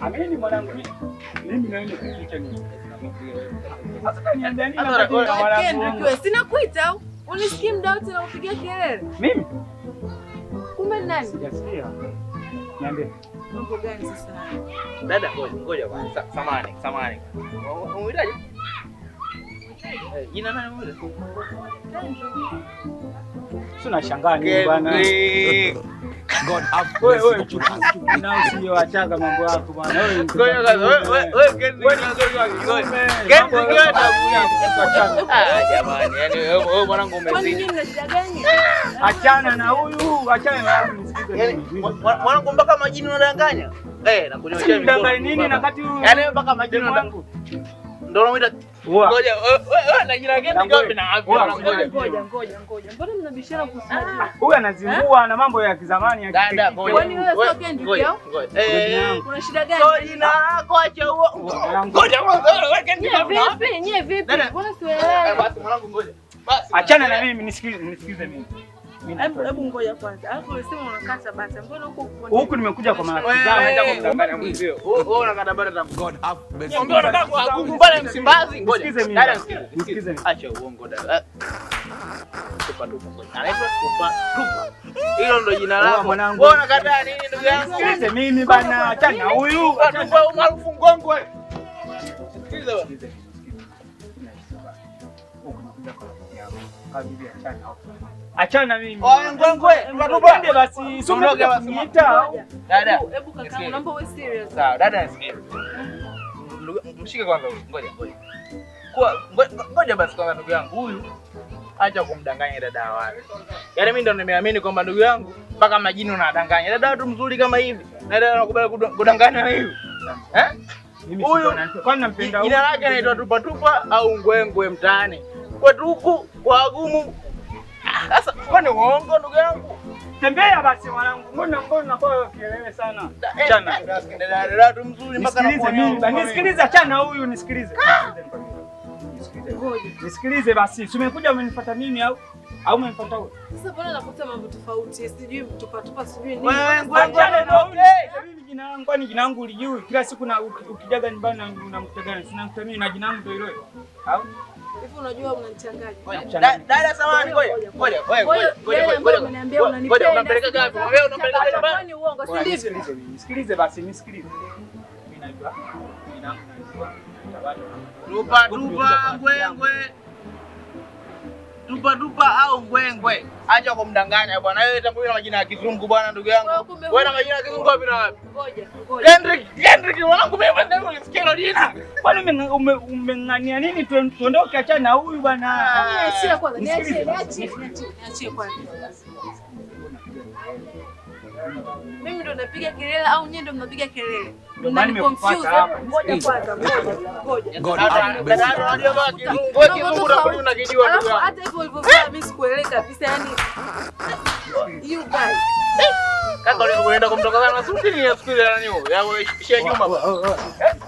Amini Sina kuita, unisikii muda wote na kelele. Mimi? Kumbe nani? Eh, Sina shangaa nini God mwanangu ah, na huyu, achana na huyu. Yaani, mpaka majini unadanganya? Eh, yaani mpaka majini unadanganya ngoja ngoja ngoja Mbona mnabishana kusema? Ah. Huyu anazimbua na mambo ya kizamani ya kike. Eh, eh, achana na mimi nisikize mimi. Hebu ngoja kwanza. Alafu unasema unakata bata. Mbona huko huko nimekuja kwa marafiki zangu naenda kumdanganya mwenzio. Wewe unakata bata za God. Mbona unataka kuanguka pale Msimbazi? Ngoja. Dada sikize. Acha uongo dada. Tupa tupa. Anaitwa tupa tupa. Hilo ndo jina lako. Wewe unakataa nini ndugu yangu? Sikize mimi bana. Acha huyu. Tupa umaarufu ngongwe. Sikize bana. Sikize. Huko nakuja kwa Achana mimi. Oh, ngwe ngwe. Dada. dada kaka, serious. Mshike kwanza huyu. Ngoja ngoja. Ngoja basi kwanza ndugu yangu huyu. Acha kumdanganya dada wale. Yaani mimi ndo nimeamini kwamba ndugu yangu mpaka majini unadanganya. Dada tu mzuri kama hivi. Na dada anakubali kudanganya na hivi. Eh? Huyu kwani nampenda huyu. Jina lake anaitwa Tupa Tupa au Ngwengwe mtaani kwetu huku kwa wagumu. Sasa ni uongo ndugu yangu? Tembea basi mwanangu, mbona mbona kwa kielewe sana. Eh, chana. Eh, nisikilize chana huyu nisikilize. Ah! Nisikilize basi. Umekuja umenifuata mimi au au umenifuata wewe? Sasa bora nakuta mambo tofauti. Sijui mtupa tupa sijui nini. Mimi jina langu kwani jina langu ulijui? Kila siku na ukijaga nyumbani na unamkuta Sina mtu mimi na jina langu ndio hilo. Au? Hivi unajua unanichanganya. basi, nisikilize. Mimi najua. Rupa, rupa, ngwe, ngwe dupa dupa au ngwengwe. Acha kumdanganya bwana. Wewe tambua na majina ya kizungu bwana, ndugu yangu. Wewe na majina ya kizungu wapi na wapi? Ngoja, ngoja. Kendrick, Kendrick mwanangu mimi ndio nisikie hilo jina. Kwani umeng'ania nini tuondoke, acha na huyu bwana. Niachie kwanza, niachie, niachie. Niachie kwanza. Mimi ndo napiga kelele au nyinyi ndo mnapiga kelele? Hata hivyo ulivyovaa mimi sikuelewi kabisa yani. You guys. Kaka unaenda kumtokana na suti ni ya siku ya nani? Ya wewe shia nyuma. Oh, oh, oh.